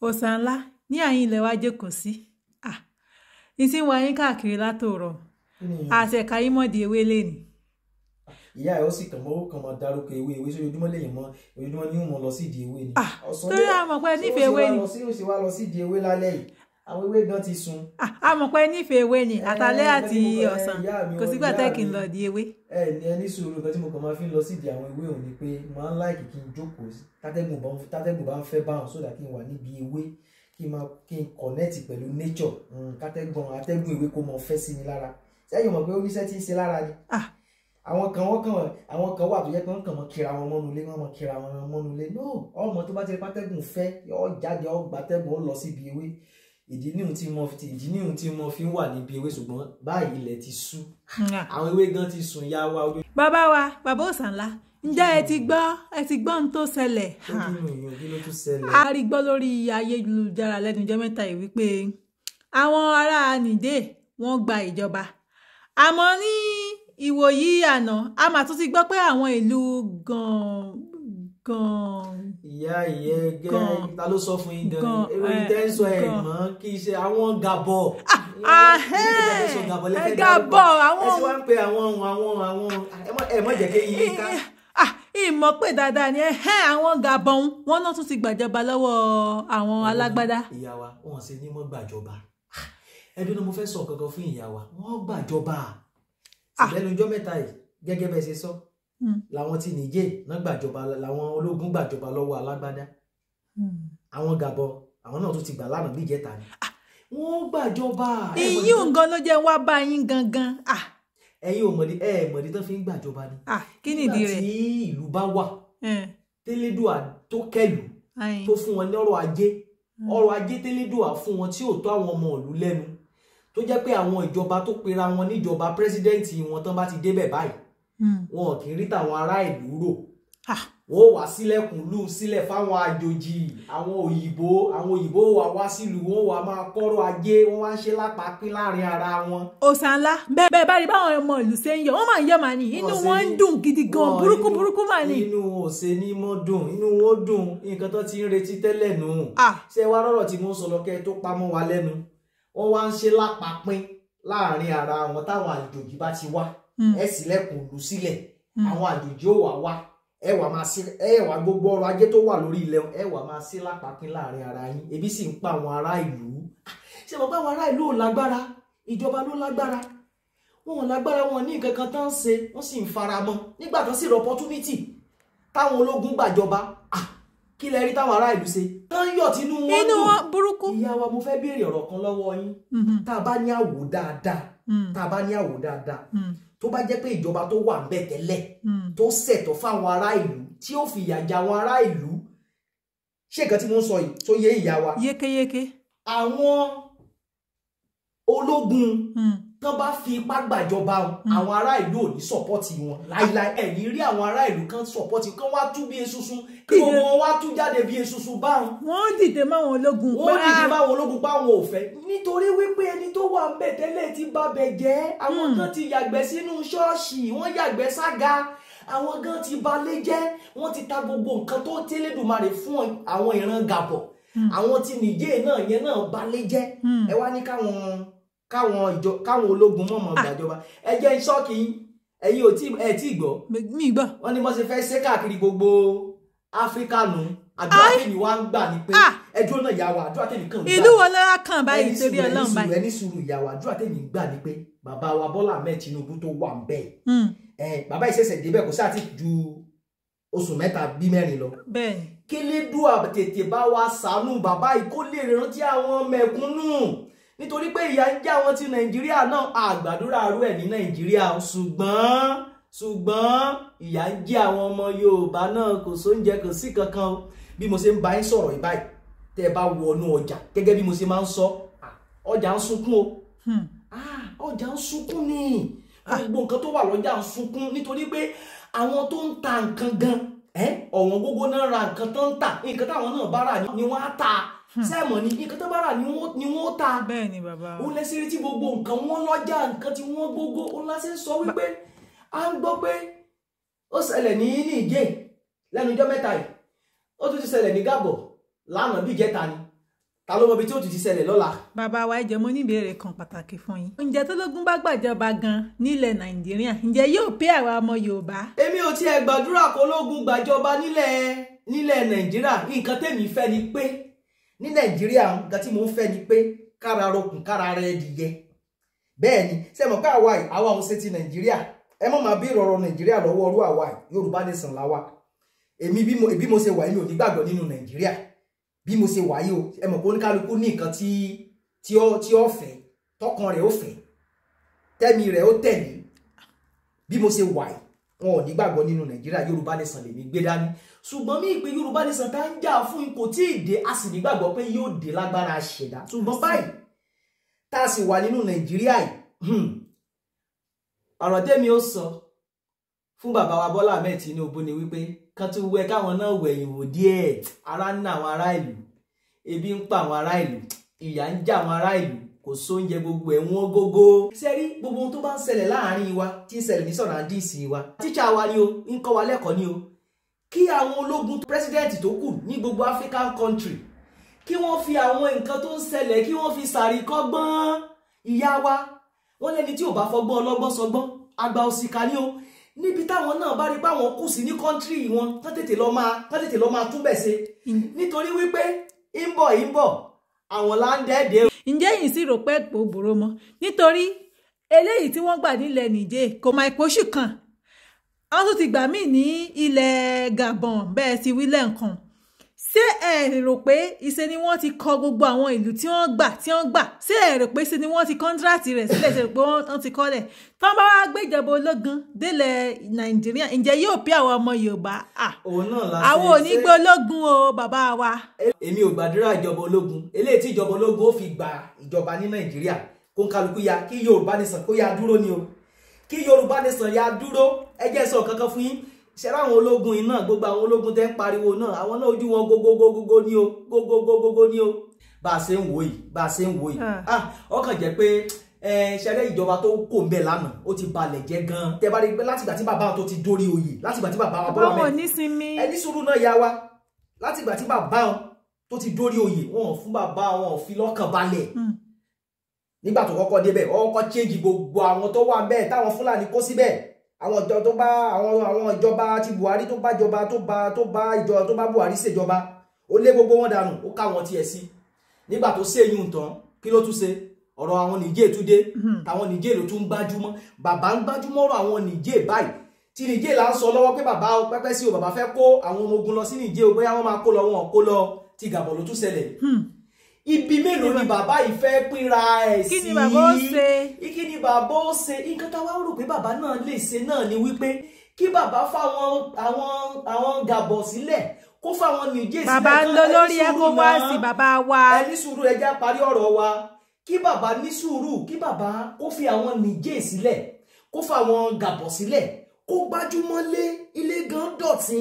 osanla ńlá ní lewa ilẹ̀ wa jókòó sí ìsìn wa káàkiri káàkiri látòrọ àṣẹka mọ́ di ewé lẹ́nu. ìyá ẹ̀ ó sì kàn mọ́wó kan máa ewé ewé sí mọ́ ni lọ ewé ni. torí ni. si wa lọ sí di àwọn ewé gan ti sun. a mọ̀ pé nífẹ̀ẹ́ ewé ni àtàlẹ́ àti ọ̀sán kò sígbà tẹ́ kí n lọ di ewé. ẹ ẹ ní sùúrù kan tí mo kàn máa fi ń lọ sídìí àwọn ewé òun ni pé màá láìkì kí n jókòó tátẹ́gùn bá ń fẹ́ báwọn sódà kí n wà níbi ewé kí n máa kí n kọ̀nẹ́ẹ̀tì pẹ̀lú nature hmm, kátẹ́gùn atẹ́gùn ewé kó máa fẹ́ sí mi lára sẹ́yìn mọ̀ pé oníṣẹ́ ti ń ṣe lára ni. àwọn kan wọ́n kàn àwọn kan wà tó yẹ pé wọ́n kàn mọ́ kíra wọn mọ́nu ilé wọ́n mọ́ kíra wọn mọ́nu ilé no ọmọ tó bá ti rí pátẹ́gùn fẹ́ ọ jáde ọ gbàtẹ́gùn ó lọ síbi ewé ìdí níhun tí mo fi ìdí níhun tí mo fi ń wà níbi ewé ṣùgbọ́n báyìí ilẹ̀ ti sú hmm. àwọn ewé gan ti sùn ya wa. bàbá wa bàbá òsànlá ǹjẹ́ ẹ ti gbọ́ ẹ ti gbọ́ ohun tó ṣẹlẹ̀. a rí gbọ́ lórí ayélujára lẹ́nu ọjọ́ mẹ́ta yìí wípé àwọn ará nìdè wọ́n gba ìjọba àmọ́ ní ìwòyí àná a mà tún ti gbọ́ pé àwọn ìlú gan-an gan. ìyá ìyá ẹgẹ ta ló sọ fún yín gan ewé tẹ́sán ẹ̀ mọ́ kí iṣẹ́ àwọn gàbọ̀. gàbọ̀ àwọn ẹ sì wá ń pe àwọn àwọn àwọn ẹ mọ̀ jẹ́ kí yín ká ìmọ̀ pé dáadáa ni ẹ̀hẹ́ àwọn gàbọ̀n wọn náà tún ti gbàjọba lọ́wọ́ àwọn alágbádá. ìyá wa wọn ṣe ní wọn gbàjọba ẹdun ni mo fẹ́ sọ kankan fún ìyá wa wọn gbàjọba ìbẹ́nu ọjọ́ mẹ́ta yìí gẹ́gẹ́ bẹ́ẹ̀ ṣe sọ Hmm. làwọn ti nìjẹ́ náà gbàjọba làwọn ológun gbàjọba lọ́wọ́ alágbádá hmm. àwọn gàbọ̀ àwọn náà tún ti gbà lánàá bí ìjẹta ni ah! wọ́n gbàjọba. èyí ò ń gan ló jẹ́ wá bá yín gangan. Ah! ẹ̀yin ò mọ̀dí ẹ̀ mọ̀dí tó fi ń gbàjọba ni. Ah! kí nìdí rẹ̀ nígbà tí ìlú bá wà tẹ́lẹ̀dùà tó kẹlù tó fún wọn ní ọrọ̀ ajé hmm. ọrọ̀ ajé tẹ́lẹ̀dùà fún wọn tí ò tó àwọn ọmọ ìlú lẹ́nu tó jẹ́ pé àwọn ìjọba tó pera wọn níjọba pírẹsidẹ́ǹtì wọn tán bá ti débẹ̀ báyìí Hmm. wọn ò kì í rí tàwọn ará rò wọn ò wá sílẹ̀kùn lù sílẹ̀ fáwọn àjòjì àwọn òyìnbó àwọn òyìnbó wà wá sílùú wọn wà máa kọ́rọ̀ ajé wọn wá ń ṣe lápapín láàrin ara wọn. òòsàn ńlá bẹ́ẹ̀ báyìí báwọn ọmọ ìlú ṣe ń yọ wọ́n máa ń yọ màá ní inú wọn ń dùn gidi gan burúkú burúkú màá ní. inú òsè ni mo dùn inú wọn dùn nǹkan tó ti ń retí tẹ́lẹ̀ nù. ṣé wàá rọ̀rọ̀ tí mo sọ lọ́kẹ́ tó pamọ́ wa lẹ́nu wọ́n wá ń ṣe lápapín láàrin ara wọn táwọn àjòjì bá ti wá Hmm. ẹ ṣílẹ̀kùn lù sílẹ̀ hmm. àwọn àjòjì ò wá wá ẹ wà máa sí ẹ wà gbogbo ọrọ̀ ajé tó wà lórí ilẹ̀ ẹ wà máa sí lápapín láàrin ara yín ebi sì ń pa àwọn ará ìlú ah, ṣe mọ̀ pé àwọn ará ìlú ò lágbára ìjọba ló lágbára wọn ò lágbára wọn ní nǹkan kan tán ń ṣe wọn sì ń faramọ́ nígbà tán sì rọ opportunity táwọn ológun gbàjọba ah, kí lẹ rí táwọn ará ìlú ṣe tán yọ̀ tínú wọn dùn burúkú ìyá wa mo fẹ́ béèrè ọ̀rọ̀ kan lọ́wọ́ yín hmm. tá a bá ní àwò dáadáa tá a bá ní àwò dáadáa tó bá jẹ́ pé ìjọba tó wà ńbẹ̀ tẹ́lẹ̀ hmm. tó ṣètò fáwọn ará ìlú tí ó fi ìyà jẹ àwọn ará ìlú ṣé nǹkan tí mo ń sọ yìí tó yé ìyá wa. yékéyéké. àwọn ológun. Mm tán bá fi ipá gbàjọba hmm. àwọn ará ìlú ò ní sọpọ́tì wọn láìláì ẹ̀yìn rí àwọn ará ìlú kan sọpọ́tì kan wá tú bí esusun kí wọn wá tú jáde bí esusun báwọn. wọ́n dìde máwọn ológun pé wọ́n dìde máwọn ológun báwọn ò fẹ́. nítorí wípé ẹni tó wà ńbẹ̀ tẹ́lẹ̀ ti bá bẹ̀ jẹ́ àwọn hmm. kan ti yàgbẹ́ sínú ṣọ́ọ̀ṣì wọ́n yàgbẹ́ sága àwọn gan ti balẹ̀ jẹ́ wọ́n ti ta gbogbo nǹkan tó tẹ́lẹ̀dùmarè fún àwọn ìran gàbọ̀ hmm. àwọn ti nìjẹ́ náà yẹn náà balẹ̀ jẹ́ ẹ wá ní káwọn káwọn ìjọ káwọn ológun mọ̀mọ́ ah. gbàjọba ẹ jẹ́ ń ṣọ́ọ̀kì ẹ̀yin ò tí ẹ̀ tí gbọ́ mi gbọ́ wọ́n ní mo ṣe fẹ́ ṣe káàkiri gbogbo áfíríkà nù àdúrà ni wá ń gbà ní pé ah. ẹjọ́ náà yà wá àdúrà tèmi kàn ń gbà ìlú wo lọ́la kan báyìí torí ọlọ́run báyìí ẹni sùúrù ìyá wa àdúrà tèmi gbà ní pé bàbá wa Bọ́lá Ahmed Tinubu tó wà ń bẹ̀ hmm. ẹ̀ bàbá ìṣẹ̀ṣẹ̀ débẹ̀ kò sáà ti ju oṣù mẹ́ta bí mẹ́rin lọ kílédùà tètè bá wa ṣàánú bàbá yìí rántí àwọn mẹ̀kúnnù nítorí pé ìyà ń jẹ àwọn ti nàìjíríà náà àgbàdúrà arú ẹ̀ ní nàìjíríà ṣùgbọ́n ṣùgbọ́n ìyà ń jẹ àwọn ọmọ yorùbá náà kò sóúnjẹ kò sí kankan bí mo ṣe ń bá yín sọ̀rọ̀ ìbáyìí tẹ́ ẹ bá wọnú ọjà gẹ́gẹ́ bí mo ṣe máa ń sọ ọjà ń sunkún o hmm. ọjà ń sunkún ni gbogbo nǹkan tó wà lọ́jà ń sunkún nítorí pé àwọn tó ń ta nǹkan gan ọ̀wọ́n gógó náà ra nǹkan tó ń tà nǹkan táwọn náà bá rà ni wọ́n á ta sẹ́ẹ̀mọ̀ hmm. ni nǹkan tó bá rà ni wọ́n ta bẹ́ẹ̀ ni bàbá òun lẹ́sẹ̀ rí tí gbogbo nǹkan wọn lọ́jà nǹkan tí wọ́n gbogbo òun lásẹ̀ sọ wípé a ń gbọ́ pé ó ṣẹlẹ̀ ní níjẹ́ lẹ́nu ọjọ́ mẹ́ta yìí ó tún ti ṣẹlẹ̀ ní gàbọ̀ lánàá bí ìjẹta ni ta ló mọ ibi tí ó tún ti ṣẹlẹ̀ lọ́la. bàbá wa ẹjẹ mo ní ìbéèrè kan pàtàkì fún yín. ǹjẹ́ tólógún bá gbàjọba gan nílẹ̀ nàìjíríà ǹjẹ́ yóò pé àwa ọmọ yorùbá. èmi ò tiẹ̀ gbàdúrà kólógún gbàjọba nílẹ̀ nílẹ̀ nàìjíríà nǹkan tèmi fẹ́ ni pé ní nàìjíríà nǹkan tí mo ń fẹ́ ni pé kára rọkùn kára rẹ dìyẹ bẹ́ẹ̀ ni ṣe mọ̀ pé àwa yìí àwa ò ṣe ti nàìjíríà ẹ mọ̀ máa bí ìrọ̀rọ̀ nàìjíríà lọ́wọ́ ọrú àwa yìí yorùbá nation làwa èmi bí mo ṣe wà yìí mi ò ní gbàgbọ́ nínú nàìjíríà bí mo ṣe wà yìí o ẹ mọ̀ pé oníkálukú ní nǹkan tí tí ó tí ó fẹ́ tọkàn rẹ̀ ó fẹ́ tẹ́mi rẹ̀ ó tẹ̀lé bí mo ṣe wà yìí wọn ò nígbàgbọ́ nínú nàìjíríà yorùbá nation lèmi gbé dání ṣùgbọ́n mí pé yorùbá nation tá ń jà fún ipò tí ì dé a sì nígbàgbọ́ pé yóò dé lágbára àṣẹ̀dá ṣùgbọ́n báyìí tá a sì wà nínú nàìjíríà yìí hmm, ọ̀rọ̀ tẹ́mi ó sọ fún bàbá wa bọ́lá ahmed tinubu ni wípé kan tún wẹ káwọn náà wẹ̀yìn wò díẹ̀ ara ń ná àwọn ará ìlú ebi ń pa àwọn ará ìlú ìyà ń já àwọn ará ìlú kò sóúnjẹ gbogbo ẹ̀ wọ́n gógó. ṣé rí gbogbo ohun tó bá ń ṣẹlẹ̀ láàárín wa tí ń ṣẹlẹ̀ ní sọ̀ràndìsì wa tíṣà wa ni o ń kọ́ wa lẹ́kọ̀ọ́ ni o kí àwọn ológun pírẹsidẹ́ǹtì tó kù ní gbogbo African country kí wọ́n fi àwọn nǹkan tó ń ṣẹlẹ̀ kí wọ́n fi ṣàríkọ́gbọ́n ìyá wa wọ́n lẹ́ni tí ò bá fọgbọ́n ọlọ́gbọ́n sọgbọ́n àgbà òṣìkà ni o níbi táwọn náà bá rí páwọn kù sí ní kọ́ńtírì wọn kán tètè lọ máa kán tètè lọ máa túbẹ̀ ṣe nítorí wípé ń bọ̀ ń bọ̀ àwọn láńdẹ̀dẹ̀. ǹjẹ́ yìí sì rò pé èpò bòrò mọ́ nítorí eléyìí tí wọ́n gbà nílẹ̀ níjẹ́ kò máa èpò ṣù wọ́n tún ti gbà mí ní ilẹ̀ Gabon bẹ́ẹ̀ ti wílẹ̀ nǹkan ṣé ẹ rò pé ìṣe ni wọ́n ti kọ gbogbo àwọn ìlú tí wọ́n gbà tí wọ́n gbà ṣé ẹ rò pé ìṣe ni wọ́n ti kọ́ńtíráàtì rẹ̀ sílẹ̀ ṣe rò pé wọ́n ti kọ́lẹ̀ tán bá wá gbé ìjọba ológun délẹ̀ nàìjíríà ǹjẹ́ yóò pé àwọn ọmọ yorùbá àwọn ò ní gbé ológun o bàbá wa. èmi ò gbàdúrà ìjọba ológun eléyìí tí ìjọba ológun ó fi gba ìjọba ní nàìjíríà kó ń kálukú ya kí yorùbá nìsàn kó ya dúró ni o kí yorùbá nìsàn ya dúró ẹ sọ kankan fún yín ṣẹlá àwọn ológun iná gbogbo àwọn ológun tẹ́ ń pariwo náà àwọn náà ojú wọn gógógógógó ní o gógógógógó ní o bá a ṣe ń wò yìí bá a ṣe ń wò yìí ah ọkàn ah, jẹ́ pé ṣẹlẹ ìjọba tó kò ń bẹ lánàá ó ti balẹ̀ jẹ́ gan-an tẹ́ bá rí pé látìgbà tí bàbá wọn tó ti dórí oyè látìgbà tí bàbá wọn bọ́lá mẹ́rin ẹni sùúrù náà yá wa látìgbà tí bàbá wọn tó ti dórí oyè wọn ò fún bàbá wọn ò fi lọ́kàn balẹ̀ hmm. nígbà tó kọ́kọ́ débẹ̀ ọkọ̀ change gbogbo àwọn tó wà bẹ́ẹ̀ táwọn fúlàní kó síbẹ̀ àwọn ìjọ tó bá àwọn àwọn ìjọba ti Buhari tó bá jọba tó bá tó bá ìjọ tó bá Buhari ṣèjọba ó lé gbogbo wọn dànù ó káwọn tiẹ̀ sí nígbà tó ṣe eyín tán kí ló tún ṣe ọ̀rọ̀ àwọn nìjẹ́ tún dé hmm. táwọn nìjẹ́ ló tún gbájúmọ́ bàbá ń gbájúmọ́ ọ̀rọ̀ àwọn nìjẹ́ báyìí tí nìjẹ́ là ń sọ lọ́wọ́ pé bàbá pẹ́pẹ́ sí o bàbá fẹ́ kó àwọn ọmọ ogun lọ sí nìjẹ́ o bóyá wọ́n máa kó lọ wọn kó lọ ti gàbọ̀ ló tún ṣẹlẹ̀ hmm ibi mélòó ni bàbá yìí fẹ́ pínra ẹ̀ sí kí ni bàbá ó ṣe kí ni bàbá ó ṣe nǹkan táwa rò pé bàbá náà lè ṣe náà ni wípé kí bàbá fáwọn àwọn àwọn gàbọ̀ sílẹ̀ kó fáwọn nìjẹ́ sílẹ̀ bàbá ń lọ lórí ẹ kó wá sí bàbá wa ẹni sùúrù ẹja parí ọ̀rọ̀ wa kí bàbá ní sùúrù kí bàbá kó fi àwọn nìjẹ́ sílẹ̀ kó fáwọn gàbọ̀ sílẹ̀ kó gbájúmọ́ lé ilé gan dọ̀tí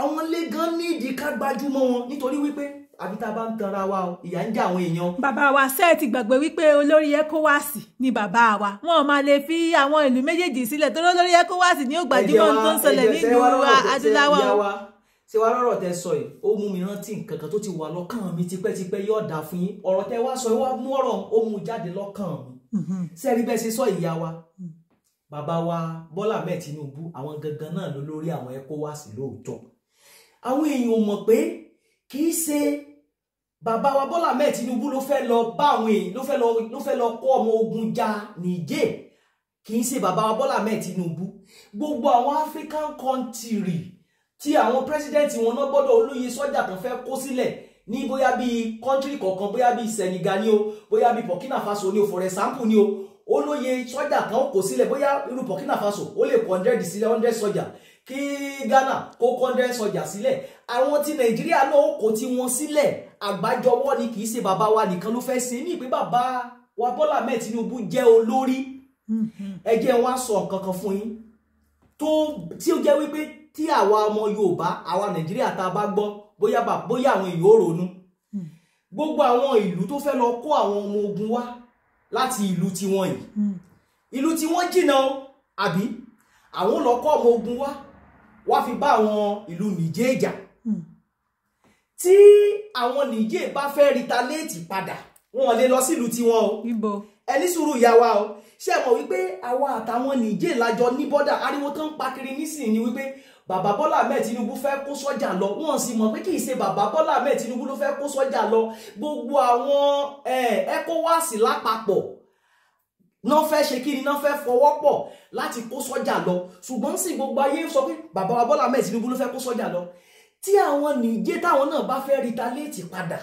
àwọn ilé gan ní ìdí ká gbájúmọ́ wọn nítorí wípé àbí tá a bá ń tanra wa o ìyà ń jẹ àwọn èèyàn. bàbá wa ṣe é ti gbàgbé wípé olórí ECOWAS ni bàbá wa wọn ò máa lè fi àwọn ìlú méjèèjì sílẹ̀ tó lórí ECOWAS ni ó gbajúmọ̀ tó ń ṣẹlẹ̀ nílùú adúláwọ̀ ṣe wá lọ́rọ̀ tẹ sọ yìí ó mú mi rántí nǹkan kan tó ti wà lọ́kàn mi tipẹ́tipẹ́ yóò dà fún yín ọ̀rọ̀ tẹ wá sọ wá mú ọ̀rọ̀ ó mú jáde lọ́kàn mi sẹ́rí mhm. bẹ́ẹ̀ ṣe sọ ìyá wa mm. bàbá wa Bọ́lá Ahmed Tinubu àwọn gangan náà ló lórí àwọn ECOWAS lóòótọ́ àwọn èèyàn mọ̀ pé kì í ṣe bàbá wa Bọ́lá mẹ́ẹ̀ Tinubu ló fẹ́ lọ bá àwọn èèyàn ló fẹ́ lọ ló fẹ́ lọ kó ọmọ ogun ja Niger kì í ṣe bàbá wa Bọ́lá mẹ́ẹ̀ Tinubu gbogbo àwọn African country tí àwọn president wọn náà gbọ́dọ̀ olóye sọ́jà kan fẹ́ kó sílẹ̀ ní bóyá bíi country kọ̀ọ̀kan bóyá bíi Senegal ni o bóyá bíi Burkina Faso ni o for example ni o olóye sọ́jà kan kò sílẹ̀ bóyá irú Burkina Faso ó lè kó hundred sílẹ̀ hundred sọ́jà kí Ghana kó kọ́ndẹ́nsì ọjà sílẹ̀ àwọn ti Nàìjíríà náà ó kó tiwọn sílẹ̀ àgbájọwọ́ ni kì í ṣe bàbá wa nìkan ló fẹ́ ṣe ní ìpín bàbá wa Bọ́lá Ahmed Tinubu jẹ́ olórí mm-hmm. ẹ jẹ́ wá sọ nǹkan kan fún yín tó tí ó jẹ́ wípé tí àwa ọmọ Yorùbá àwa Nàìjíríà tá a bá gbọ́ bóyá bóyá àwọn èèyàn ò ronú mm. gbogbo àwọn ìlú tó fẹ́ lọ kó àwọn ọmọ ogun wá láti ìlú tiwọn yìí mm. ìlú tiwọn jìnnà àbí àwọn lọ kó ọmọ ogun wá wá fi bá àwọn ìlú nìjẹ́ ìjà hmm. tí àwọn nìjẹ́ bá fẹ́ ritaléètì padà wọn lè lọ sílùú tiwọn o ẹni sùúrù ìyá wa o ṣé ẹ mọ̀ wípé àwa àtàwọn nìjẹ́ lájọ ní bọ́dà ariwo tó ń pa kiri nísìnyí ni wípé bàbá bọ́lá ahmed tinubu fẹ́ kó sọ́jà lọ wọ́n sì mọ̀ pé kì í ṣe bàbá bọ́lá ahmed tinubu ló fẹ́ kó sọ́jà lọ gbogbo àwọn eh, ecowas lápapọ̀ náà fẹ́ ṣe kí ni náà fẹ́ fọwọ́ pọ̀ láti kó sọ́jà lọ ṣùgbọ́n sì gbogbo ayé sọ pé bàbá wa Bọ́lá mẹ́ẹ̀ Tinubu ló fẹ́ kó sọ́jà lọ tí àwọn nìjẹ́ táwọn náà bá fẹ́ retaliate padà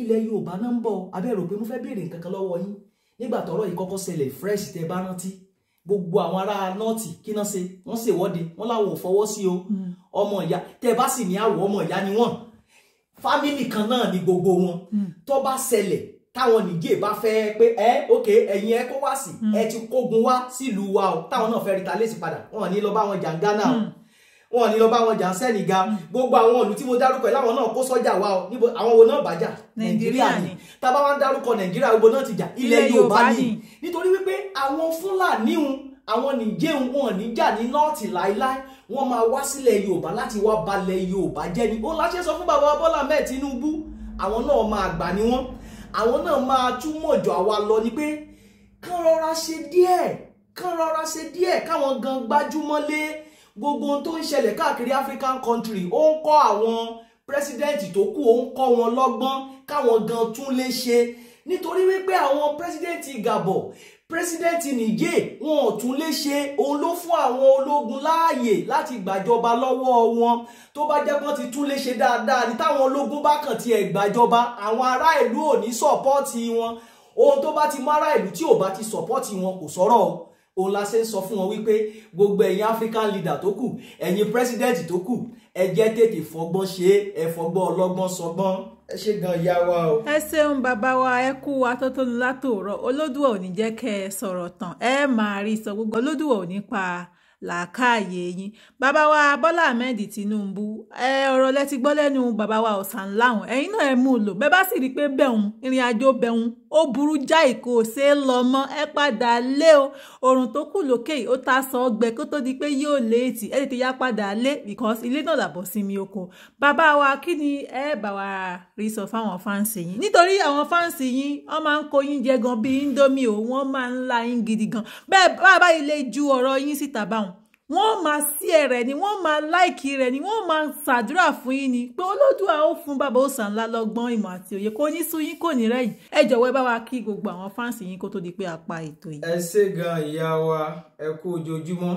ilẹ̀ Yorùbá náà ń bọ̀ abẹ́ rò pé mo fẹ́ béèrè nǹkan kan lọ́wọ́ yín nígbà tọ́rọ̀ yìí kọ́kọ́ ṣẹlẹ̀ fresh tẹ bá rántí gbogbo àwọn ará nọ́ọ̀tì kí náà ṣe wọ́n ṣèwọ́de wọ́n láwọn ò fọwọ́ sí o hmm. ọmọ ìyá tẹ bá sì ní àwọ̀ ọmọ ìyá ni wọ́n fámìlì kan náà ni gbogbo wọn hmm. tó bá ṣẹlẹ̀ táwọn nìjẹ́ bá fẹ́ pé ẹ ok ẹ̀yin ẹ kó wá sí hmm. ẹ ti kógun wá sílùú wa o táwọn náà fẹ́ rí talẹ́sì padà wọn ní lọ bá wọn jà ń Ghana o hmm. wọn ní lọ bá wọn jà ń Senegal hmm. gbogbo àwọn ìlú tí mo dárúkọ ẹ láwọn náà kó sọ́jà wa o níbo àwọn wo náà bàjà Nàìjíríà ni tábà wá ń dárúkọ Nàìjíríà gbogbo náà ti jà ilẹ̀ Yorùbá ni nítorí wípé àwọn Fúlàní àwọn nìjẹun wọn níjà ní nọ́ọ̀tì láíláí wọn máa wá sílẹ̀ Yorùbá láti wá balẹ̀ Yorùbá jẹ́ ni ó láṣẹ sọ fún bàbá Bọ́lá mẹ́ẹ̀ Tinubu àwọn náà máa gbà ni wọ́n àwọn náà máa túmọ̀ jọ àwa lọ ni pé kán rọra ṣe díẹ̀ kán rọra ṣe díẹ̀ káwọn gan gbájúmọ́ lé gbogbo ohun tó ń ṣẹlẹ̀ káàkiri African country ó ń kọ́ àwọn pírẹsidẹ́ǹtì tó kù ó ń kọ́ wọn lọ́gbọ́n káwọn gan tún lè ṣe nítorí wípé àwọn pírẹsidẹ́ǹtì gabo, pírẹsidẹ́ǹtì nige wọn ò tún lè ṣe òun ló fún àwọn ológun láàyè láti gbàjọba lọ́wọ́ wọn tó bá jẹ́ ti tún lè ṣe dáadáa ní táwọn ológun bá kàn tiẹ̀ gbàjọba àwọn ará ìlú ò ní sọ́pọ́ọ̀tì wọn ohun tó bá ti mọ ará ìlú tí ò bá ti sọ́pọ́ọ̀tì wọn kò sọ̀rọ̀ o òun la ṣe ń sọ fún wọn wípé gbogbo ẹ̀yin African leader tó kù ẹ̀yin president tó kù ẹ jẹ́ tètè fọgbọ́n ṣe é ẹ fọgbọ́n ọlọ́gbọ́n sọgbọ́n ẹ ṣe gan ìyá wa o. ẹ ṣeun bàbá wa ẹ kú wa tó tó lu ò ní jẹ́ kẹ́ ẹ sọ̀rọ̀ tán ẹ máa rí sọ gbogbo olódùà ò ní pa làákàyè yín bàbá wa Bọ́lá Ahmed Tinubu ẹ ọ̀rọ̀ lẹ ti gbọ́ lẹ́nu bàbá wa Ọ̀sánláwọn ẹ̀yin náà ẹ mú un lò bẹ́ẹ̀ bá sì rí i pé bẹ̀hùn ìrìn àjò bẹ̀hùn ó burú jáì kò ṣe é lọ mọ́ ẹ padà lé o oòrùn tó kù lókè ó ta sọ ọgbẹ kó tó di pé yóò léètì ẹ tètè yá padà lé because ilé náà làbọ̀ sí mi oko bàbá wa kí ni ẹ bá wa rí sọ fáwọn fáǹsì yín nítorí àwọn fáǹsì yín wọ́n máa ń kó yín jẹ gan bíi Indomie o wọ́n máa ń la yín gidi gan bẹ́ẹ̀ bá a bá ilé ju ọ̀rọ̀ yín síta báwọn wọ́n máa sí ẹ̀rẹ̀ ni wọ́n máa láìkí rẹ̀ ni wọ́n máa ṣàdúrà fún yín ni pé olódùà ó fún bàbá òsàn ńlá lọ́gbọ́n ìmọ̀ àti òye kò ní sú yín kò ní rẹ̀yìn ẹ jọ̀wọ́ ẹ bá wa kí gbogbo àwọn fáǹsì yín kó tó di pé a pa ètò yìí. ẹ ṣé gan ìyá wa ẹ kú ojoojúmọ́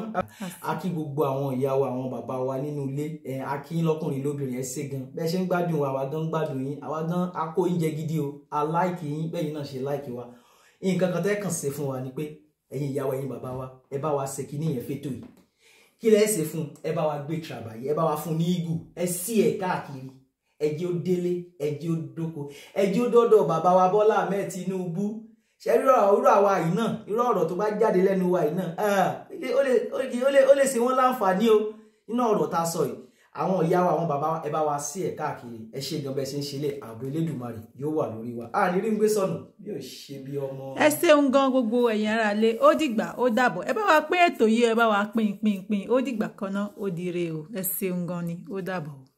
a kí gbogbo àwọn ìyá wa àwọn bàbá wa nínú ilé ẹ a kí yín lọ́kùnrin lóbìnrin ẹ ṣé gan bẹ́ẹ̀ ṣe ń gbádùn wa àwa gan gbádùn gidi o a láìkì yín bẹ́ẹ̀ yín náà ṣe láìkì wa nǹkan kan tẹ́ kàn ṣe fún wa ni pé ẹ̀yin ìyá wa ẹ̀yin bàbá wa ẹ bá wa kí lẹ ṣe fún ẹ bá wa gbé tìrabàyè ẹ bá wa fún ní ìgù ẹ sí ẹ káàkiri ẹ jẹ́ ó délé ẹ jẹ́ ó dóko ẹ jẹ́ ó dọ́dọ̀ bàbá wa Bọ́lá Ahmed Tinubu ṣe irú àwa yìí náà irú ọ̀rọ̀ tó bá jáde lẹ́nu wa yìí náà ah, ó lè ṣe wọ́n láǹfààní o nínú ọ̀rọ̀ tá sọ yìí àwọn ìyá wa àwọn bàbá wa ẹ bá wa sí ẹ káàkiri ẹ ṣe ìjọba ẹ ṣe ń ṣe lé ààbò elédùnmarè yóò wà lórí wa a nírí ń gbé sọnù yóò ṣe bí ọmọ. ẹ ṣeun gan gbogbo ẹ̀yin ará lé ó dìgbà ó dàbọ̀ ẹ bá wa pín ètò yìí ẹ bá wa pín pín pín ó dìgbà kan náà ó dire o ẹ ṣeun gan ni ó dàbọ̀.